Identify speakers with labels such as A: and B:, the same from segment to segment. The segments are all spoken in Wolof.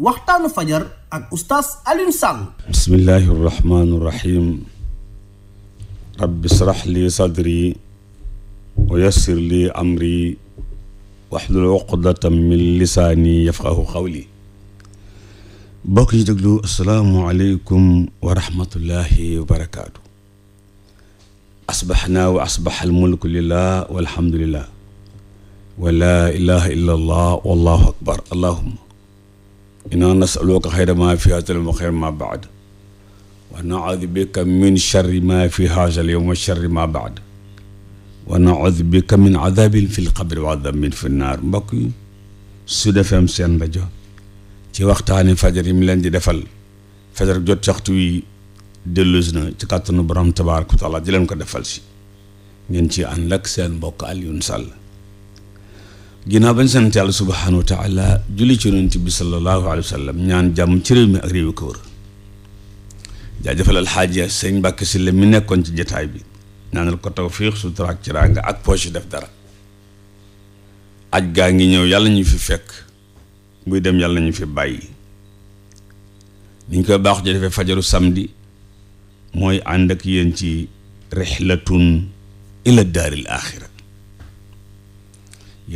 A: waxtaanu fajar ak ustaas Alioune Sall bismillahi irrahmani irrahim rabbi srax li sadri wa yassir li amri waxlul uqdatan min lisaani yafqahu qawli bokk yi déglu asalaamualeykum wa rahmatullahi wa barakaatu asbaxnaa wa asbax almulku lillah walhamdulillah wa laa ilaha illa allah wallahu akbar allahuma inna nasaluka xayra ma fi haazal yawm wa xayra ma baad wa naudu bika min charri ma fi haazal yawm wa charri ma baad wa naudu bika min adabin fi lqabri wa adabin fi naar mbokk yi Sud FM seen rajo ci waxtaani fajar yi mu leen di defal fajar jot waxtu wi dellusi na ci kàttanu borom tabaaraka wa taala di leen ko defal si ngeen ci ànd ak seen mbokk Alioune Sall ginnaaw bañ sant yàlla subhaanahu wa taala julli ci yonent bi sallallahu alayhi wa ñaan jàmm ci réew mi ak réew yu ko wër jaajëfal alxaaja sëñ Mbàkke si la mi nekkoon ci jataay bi ñaanal ko tawfiix sutura ci teraanga ak poche def dara aj gaa ngi ñëw yàlla ñu fi fekk buy dem yàlla ñu fi bàyyi ni ñu koy baaxu ci defee fajaru samedi mooy ànd ak yéen ci rixlatun ila daaril axira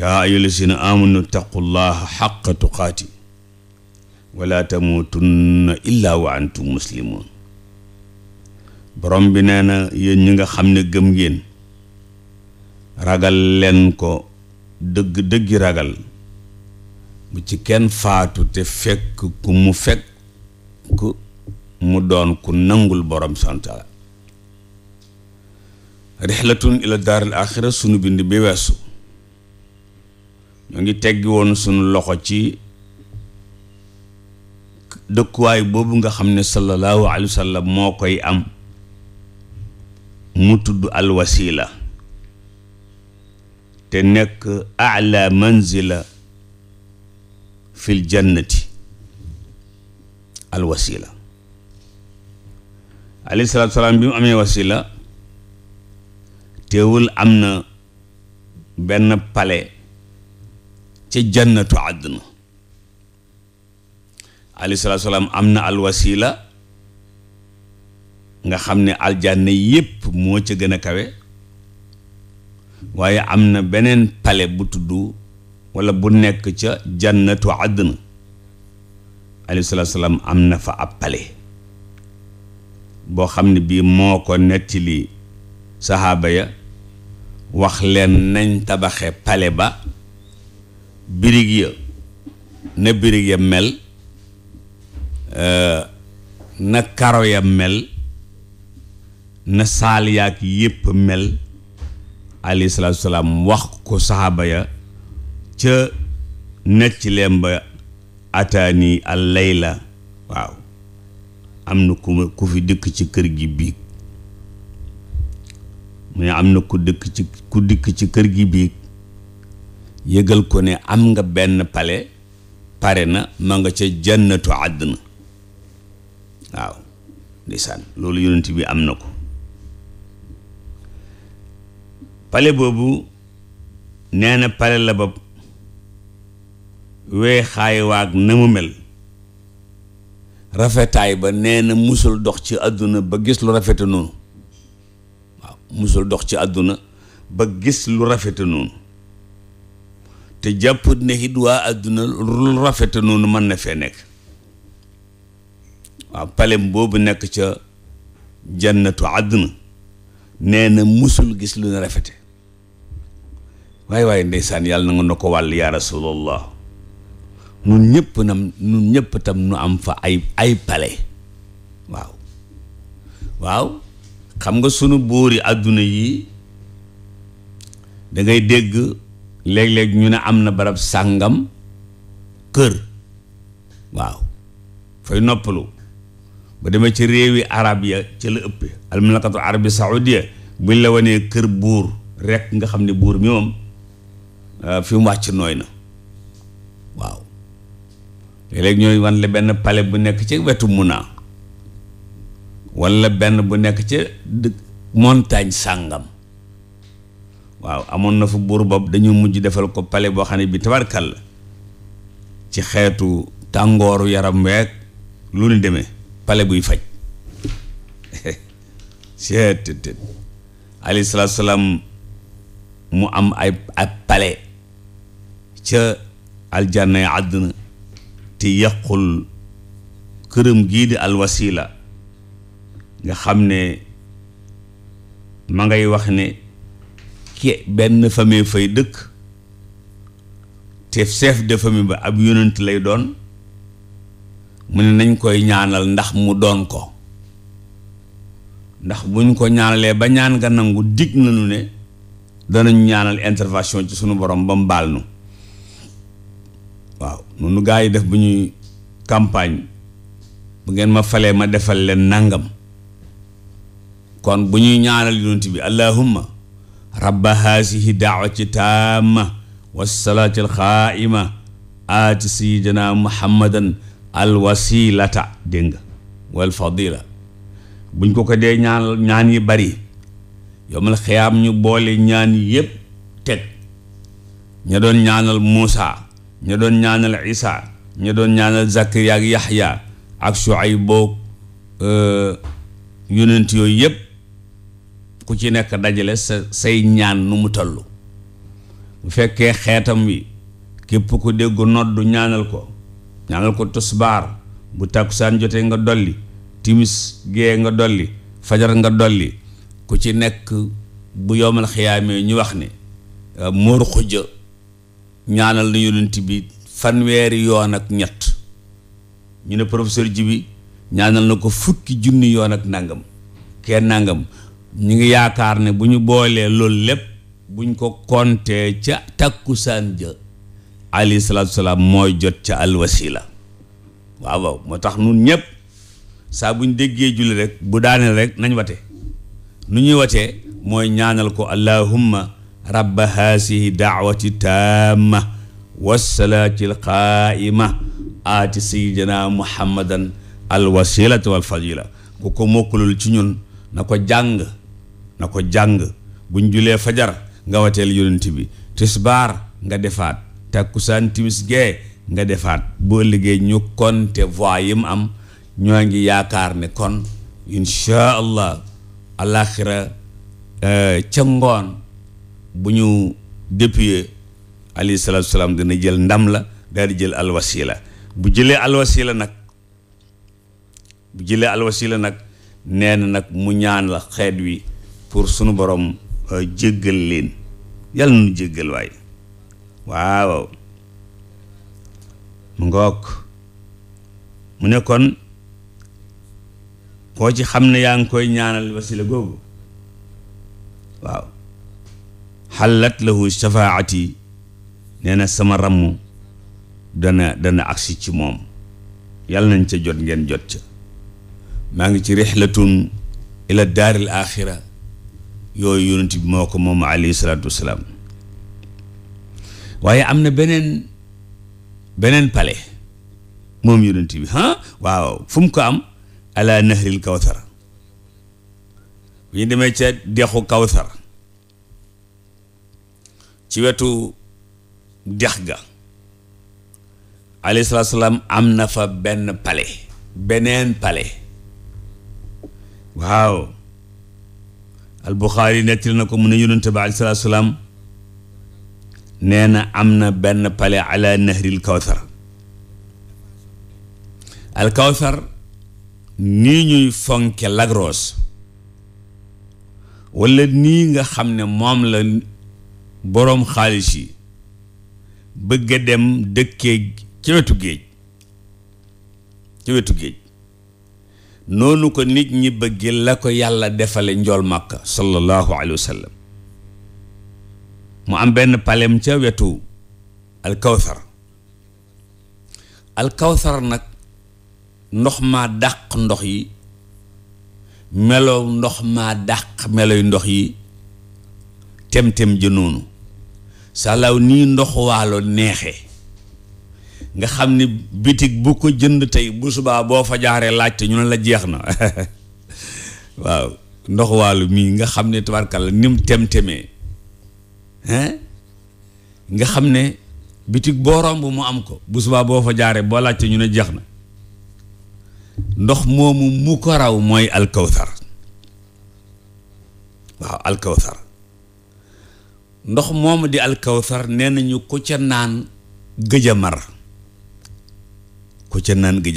A: yaa ayyuha llazina amanu taqullaha xaqa tuqaati wala tamuutunna illa wa antum muslimun borom bi nee na yéen ñi nga xam ne gëm ngeen ragal leen ko dëgg dëggi ragal bu ci kenn faatu te fekk ku mu fekk mu doon ku nangul borom sant rixlatun ila daaril axira sunu bind bi weesu ñoo ngi teggi woon sunu loxo ci dëkkuwaay boobu nga xam ne sallallahu alayhi wa moo koy am mu tudd alwasila te nekk ala manzila fil jannati alwasila alayhi salaatu bi mu amee wasila teewul am na benn pale ca janatu àdduna alayhi salaam am na alwasila nga xam ne aljanna yépp moo ca gën a kawe waaye am na beneen pale bu tudd walla bu nekk ca jannatu àdduna alayhi salaam am na fa ab pale boo xam ne bii moo ko nettali saxaaba ya wax leen nañ tabaxe pale ba birig ya na birig ya mel euh, na karo ya mel na saal yaag yépp mel alayhi salaatu salaam wax ko saxaaba ya ca nekk ci leen ataani al layla waaw am na ku ku fi dëkk ci kër gi biig mu ne am na ku dëkk ci ku dikk ci kër gi biig yëgal ko ne am nga benn pale pare na ma nga ca jannatu àdduna waaw ndeysaan loolu yonent bi am na ko pale boobu neena na pale la ba weexaay waag na mu mel rafetaay ba neena musul dox ci àdduna ba gis lu rafete noonu waaw musul dox ci àdduna ba gis lu rafete noonu te jàpp ne it àdduna lu rafete noonu mën na fee nekk waaw palem boobu nekk ca jannatu àdduna nee na musul gis lu ne rafete waaye waaye ndeysaan yàlla na nga na ko wàll yaa rasulallah nun ñëpp nam nun ñëpp tam nu am fa ay ay pale waaw waaw xam nga sunu buuri àdduna yi da dégg léeg-léeg ñu ne am na barab sàngam kër waaw fay noppalu ba demee ci réewi arab ya ci la ëpp almalakatu arabi saoudia buñ la wanee kër buur rekk nga xam ne buur mi moom ah, fi wàcc nooy na waaw léeg-léeg ñooy wan la benn pale bu nekk ci wetu Muna wala benn bu nekk ci montagne sàngam waaw amoon na fu buur boobu dañu mujj defal ko pale boo xam ne bi tabarkal la ci xeetu tàngooru yaram week lu ni demee pale buy faj seet alayhi salaatu salaam mu am ay ay pale ca aljanna ya àdduna te yàqul këram gii di alwasila nga xam ne ma ngay wax ne ki benn famille fay dëkk te chef de famille ba ab yonent lay doon mu ne nañ koy ñaanal ndax mu doon ko ndax buñ ko ñaanalee ba ñaan nga nangu dig nañu ne danañ ñaanal intervention ci sunu borom ba mu baal nu waaw noonu gaa yi def bu ñuy campagne bu ngeen ma falee ma defal leen nangam kon bu ñuy ñaanal yonent bi allahumma rabba haasihi daawati taama wasalaati alxaaima aati sayidina muhammadan alwasilata dégg nga wal fadila buñ ko dee ñaan ñaan yi bari yowmal xiyaam ñu boole ñaan yépp teg ña doon ñaanal Muusa ña doon ñaanal Isa ña doon ñaanal Zakariya ak Yaxya ak Shuayb boog yonent yooyu yépp ku ci nekk dajale sa say ñaan nu mu tollu bu fekkee xeetam wi képp ko dégg noddu ñaanal ko ñaanal ko tusbaar bu tàkkusaan jotee nga dolli timis gee nga dolli fajar nga dolli ku ci nekk bu yomal xiyaamee ñu wax ni euh, móor xuja ñaanal na yonent bi fanweeri yoon ak ñett ñu ne professeur jibi ñaanal na ko fukki junni yoon ak nàngam kenn nàngam ñu ngi yaakaar ne bu ñu boolee loolu lépp buñ ko kontee ca takkusaan ja alayhi salaatu salaam mooy jot ca alwasila waaw waaw moo tax nun ñëpp saa buñ déggee julli rek bu daaneel rek nañ wate nu ñuy watee mooy ñaanal ko allahumma rabba haasihi daawati taamma wassalaati alqaa'ima aati sayyidina muhammadan alwasilata walfadila ku ko mokkalul ci ñun na ko jàng na ko jàng buñ julee fajar nga wateel yonent bi tisbaar nga defaat takkusaan timis gee nga defaat boo liggéey ñu konte voix yi am ñoo ngi yaakaar ne kon insha allah alaxira euh, ca ngoon bu ñu dépuyee alayhi salaatu salaam dina jël ndam la daal di jël alwasila bu jëlee alwasila nag bu jëlee alwasila nag nee nag mu ñaan la xeet wi pour sunu borom euh, jéggal leen yàlla nu jéggal waay waaw mu mu ne kon koo ci xam ne yaa ngi koy ñaanal wasila googu waaw xallat lahu shafaati nee na sama ramm dana dana agsi ci moom yàlla nañ ca jot ngeen jot ca maa ngi ci rixlatun ila daaril axira yooyu yonent bi moo ko moom alayhi salaatu waaye am na beneen beneen pale moom yonent bi ah waaw fu mu ko am ala nahril kawsar bu ñu demee ca dexu kawsar ci wetu dex ga alayhi am na benn pale beneen pale waaw albuxaari nettali na ko mu ne yonente bi aleyhi salaatu salaam nee na am na benn pale ala nahril kawsar al kawsar nii ñuy fonke lagros wala nii nga xam ne moom la boroom xaalis yi bëgg a dem dëkkee ci wetu géej ci wetu géej noonu ko nit ñi bëgge la ko yàlla defale njool màkka sallallahu alayhi wa sallam mu am benn palem ca wetu alkawsar alkawsar nag ndox maa dàq ndox yi melow ndox maa dàq meloy ndox yi tem-tem ji noonu salaaw nii ndox waalo neexee nga xam ne bitik bu ko jënd tey bu subaa boo fa jaaree laajte ñu ne la jeex na waaw ndox waalu mii nga xam ne tabarkalla ni mu tem-temee nga xam ne bitik boo romb mu am ko bu subaa boo fa jaaree boo laajte ñu ne jeex na ndox moomu mu ko raw mooy alkawsar waaw alkawsar ndox moomu di alkawsar nee nañu ku ca naan gëjamar ku ca naan gi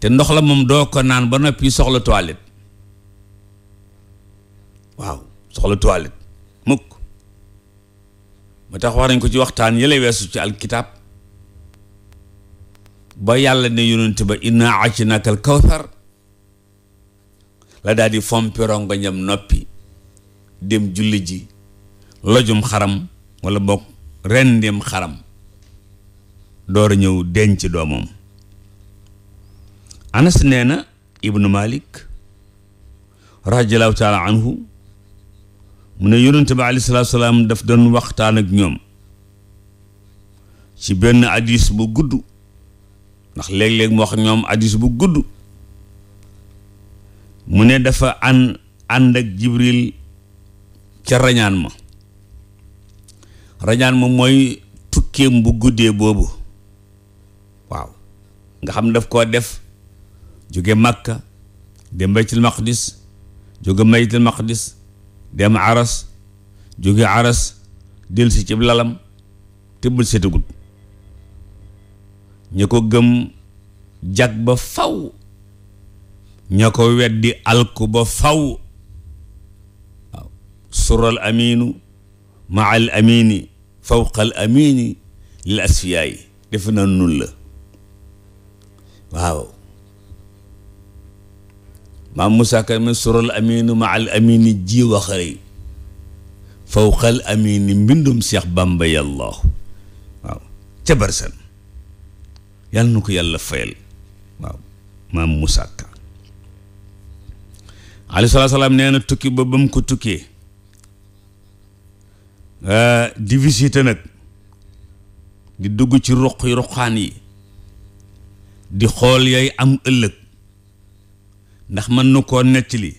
A: te ndox la moom doo ko naan ba noppi soxla toilette waaw soxla toilette mukk ma tax wax nañ ko ci waxtaan yële weesu ci alkitaab ba yàlla ne yonent ba inna atinaka al kawthar la daal di fompiroo nga ñam noppi dem julli ji lojum xaram walla bokk rendim xaram door a ñëw denc doomam anas nee na ibnu malik radiallahu taala mu ne yonent bi aleyhi salaatu salaam daf doon waxtaan ak ñoom ci benn addis bu gudd ndax léeg-léeg mu wax ñoom addis bu gudd mu ne dafa an ànd ak jibril ca rañaan ma rañaan ma mooy tukkeem bu guddee boobu waaw nga xam def ko def jóge Makka dem baytul maqdis jóge baytul maqdis dem aras jóge aras del si ci lalam te bul setagul ña ko gëm jag ba faw ña ko weddi alku ba faw waaw sural aminu ma al fawqa al amini lil asfiyaa nun la waaw maam Moussa Ka min sural aminu ma al amini ji waxari fawqal amini mbindum Seex Bàmba yàlla waaw ca barsan yàlla na ko yàlla fayal waaw maam Moussa Ka aleyhi salaatu salaam nee na tukki ba ba mu ko tukkee ah, di visité nag di dugg ci roq yi roqaan yi di xool yay am ëllëg ndax mën na koo nettali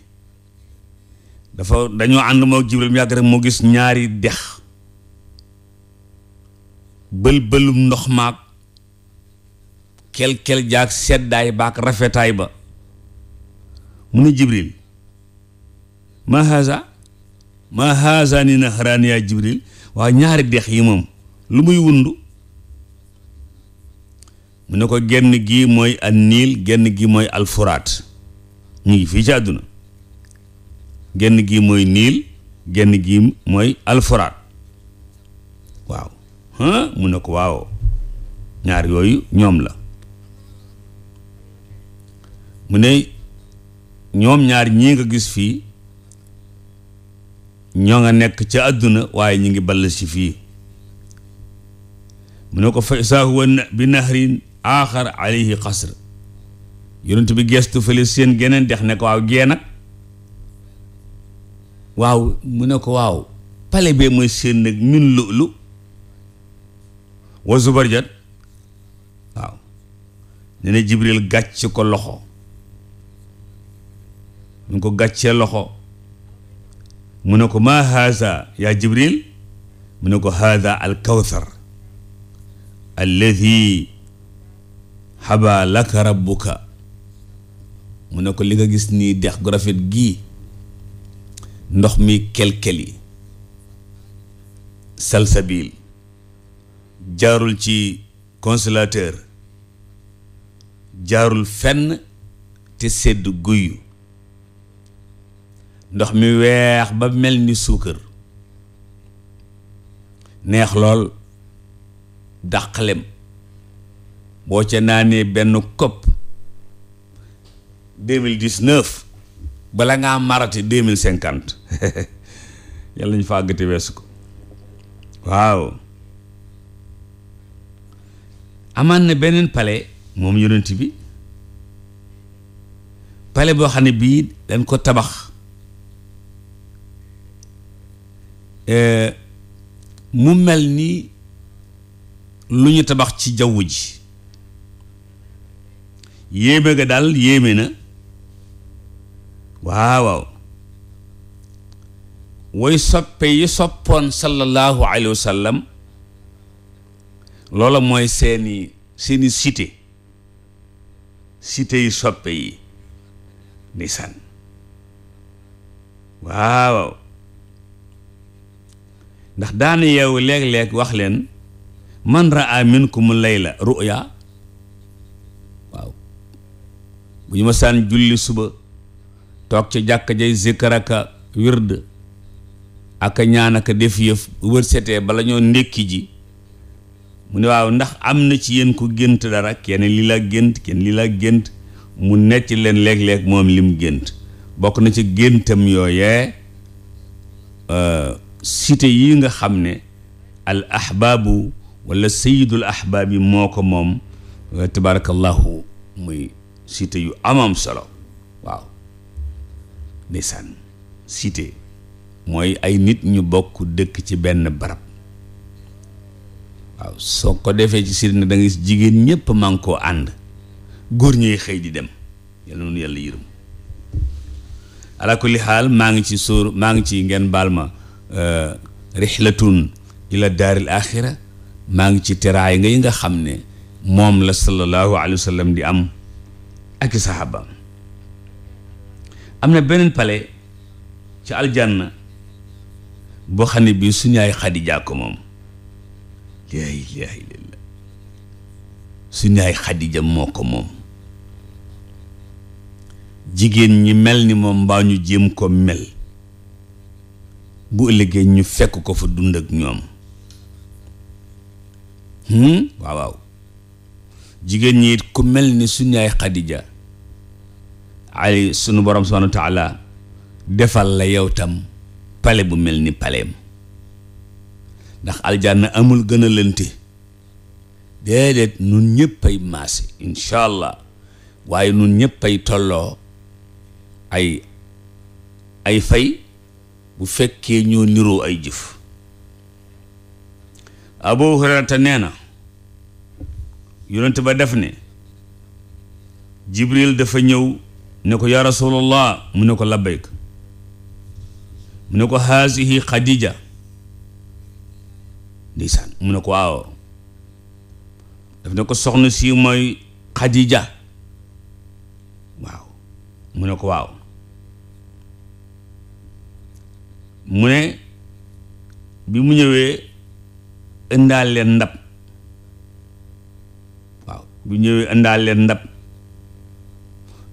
A: dafa dañoo ànd moo Jibril mu yàgg rek mu gis ñaari dex bël-bëlum ndox maag kel-kel jaag seddaay baak rafetaay ba mu ne Jibril ma haza ma haza ni naharaani yaa ñaari dex yi moom lu muy wundu mu ne ko genn gi mooy al niil genn gi mooy alfuraat ñu ngi fii ci àdduna genn gi mooy niil genn gi mooy alfuraat waaw mu ne ko waaw ñaar yooyu ñoom la mu ne ñoom ñaar ñi nga gis fii ñoo nga nekk ci àdduna waaye ñu ngi ball si fii mu ne ko fa saa huwa bi nahrin aaxar alayhi xasr yonent bi gestu fële seen geneen dex ne ko waaw gee nag waaw mu ne ko waaw pale bee mooy seen nag min lu'lu wa zubarjad waaw ne na jibril gàcc ko loxo mu ko gàccee loxo mu ne ko maa haza yaa jibril mu ne ko haza al kawthar alladi xabaa laka mu ne ko li nga gis nii dex gu rafet gii ndox mi kelkeli salsabil jaarul ci consolateur jaarul fenn te sedd guyu ndox mi weex ba mel ni suukar neex lool dàqalem boo ca ne benn kopp deux mille dix neuf bala ngaa marati deux mille cinquante yàlla ñu fàggati weesu ko waaw amaan na beneen pale moom yonent bi pale boo xam ne bii dañ ko tabax eh, mu mel ni lu ñu tabax ci jawwu ji yéeme nga daal yéeme na waaw waaw soppe yi soppoon sallallahu alayhi wa sallam mooy seeni seeni cité cité yi soppe yi nisan waaw ndax daana yeewu léeg-léeg wax leen man raa minkum layla ruya bu ñu ma saan julli suba toog ci jàkka jay zikkar aka wird aka ñaan aka def yëf bu wër setee bala ñoo ndékki ji mu ne waaw ndax am na ci yéen ku gént dara kenn lii la gént kenn lii la gént mu nekk leen léeg-léeg moom lim gént bokk na ci géntam yooyee euh, cité yi nga xam ne al ahbaabu wala sayidul ahbaab yi moo ko moom euh, tabaarakallahu muy cité yu amam solo waaw ndeysaan cité mooy ay nit ñu bokk dëkk ci benn barab waaw soo ko defee ci cité nag da nga gis jigéen ñépp man koo ànd góor ñuy xëy di dem yal na nu yàlla yërëm ala xaal maa ngi ci suur maa ngi ci ngeen baal ma euh, rixlatun ila daaril axira maa ngi ci teraay nga yi nga xam ne moom la sallallahu alayhi wa di am ak i saxaabaam am na beneen pale ci aljanna boo xam ne bii suñaay yaay xadija ko moom laa xadija moo ko moom jigéen ñi mel ni moom mbaa ñu jéem ko mel bu ëllëgee ñu fekk ko fa dund ak ñoom hmm? waaw waaw jigéen ñi it ku mel ni suñu yaay xadija ali sunu borom subhaanahu wa defal la yow tam pale bu mel ni paleem ndax na amul gën a lënte déedéet nun ñëpp maase incha allah waaye nun ñëpp tolloo ay ay fay bu fekkee ñoo niroo ay jëf abu hurayrata nee na yonent ba def ne jibril dafa ñëw ne ko yaa rasulallah mu ne ko labbayk mu ne ko haasihi xadija ndeysaan mu ne ko waaw daf ne ko soxna si mooy xadija waaw mu ne ko waaw mu ne bi mu ñëwee indaal leen ndab waaw bi mu ñëwee indaal leen ndab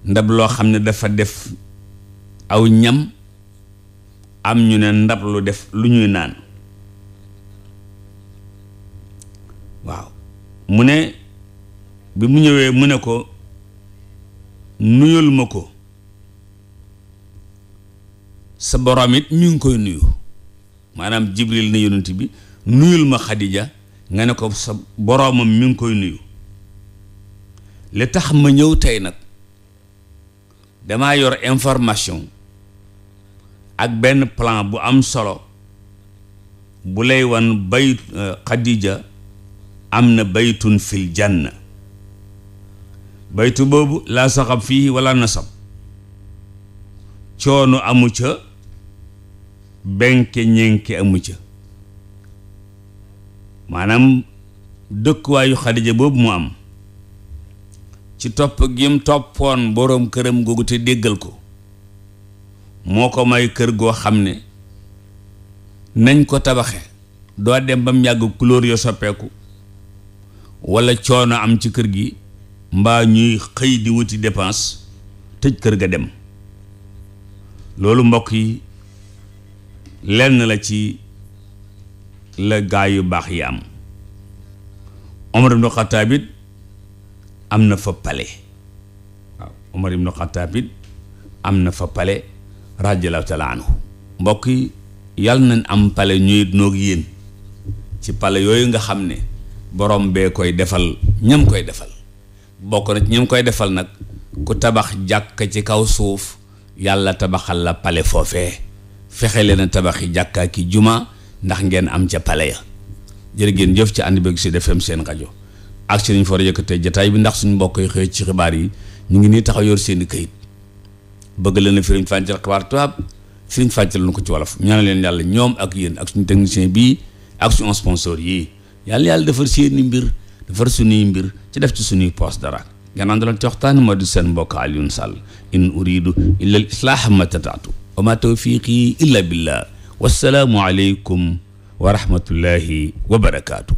A: ndab loo xam ne dafa def aw ñam am ñu ne ndab lu def lu ñuy naan waaw mu ne bi mu ñëwee mu ne ko nuyul ma ko sa borom it ngi koy nuyu maanaam jibril na yonent bi nuyul ma xadija nga ne ko sa boroomam mi ngi koy nuyu li tax ma ñëw tey nag damaa yor information ak benn plan bu am solo bu lay wan bay Xadija euh, am na baytun fil janna baytu boobu laa saxab fii wala nasab coonu amu ca benke ñenke amu ca maanaam dëkkuwaayu Xadija boobu mu am ci topp gim toppoon boroom këram googu te déggal ko moo ko may kër goo xam ne nañ ko tabaxe doo dem bam yàgg couleur yo soppeeku walla coono am ci kër gi mbaa ñuy xëy di wuti dépense tëj kër ga dem loolu mbokk yi lenn la ci la gaa yu baax yi am Omar ibn Khattab am na fa palais waaw Omar ibnu Xattaab it am na fa palais radiyallaahu taala anhu mbokk yi yàlla nañ am pale ñuy noog yéen ci pale yooyu nga xam ne borom bee koy defal ñam koy defal bokk na ci ñam koy defal nag ku tabax jàkk ci kaw suuf yàlla tabaxal la pale foofee fexe leen a tabaxi jàkkaa ki juma ndax ngeen am ca palais ya jërë ngeen jëf ci ànd beeg Sud FM seen rajo ak si nañ jataay bi ndax suñu mbokk yi ci xibaar yi ñu ngi nii taxaw yor seen i bëgg leen a firiñ fàncal xibaar tubaab firiñ fàncal lu ko ci wolof ñaan leen yàlla ñoom ak yéen ak suñu technicien bii ak suñu sponsor yi yàlla yàlla defar seen i mbir defar suñuy mbir ci def ci suñuy poos dara ganaan doon ci waxtaan moo di seen mbokk Alioune sal in uridu illa al islaaha ma tataatu wa ma tawfiqi illa billah wassalaamu aleykum wa rahmatullahi wa barakaatu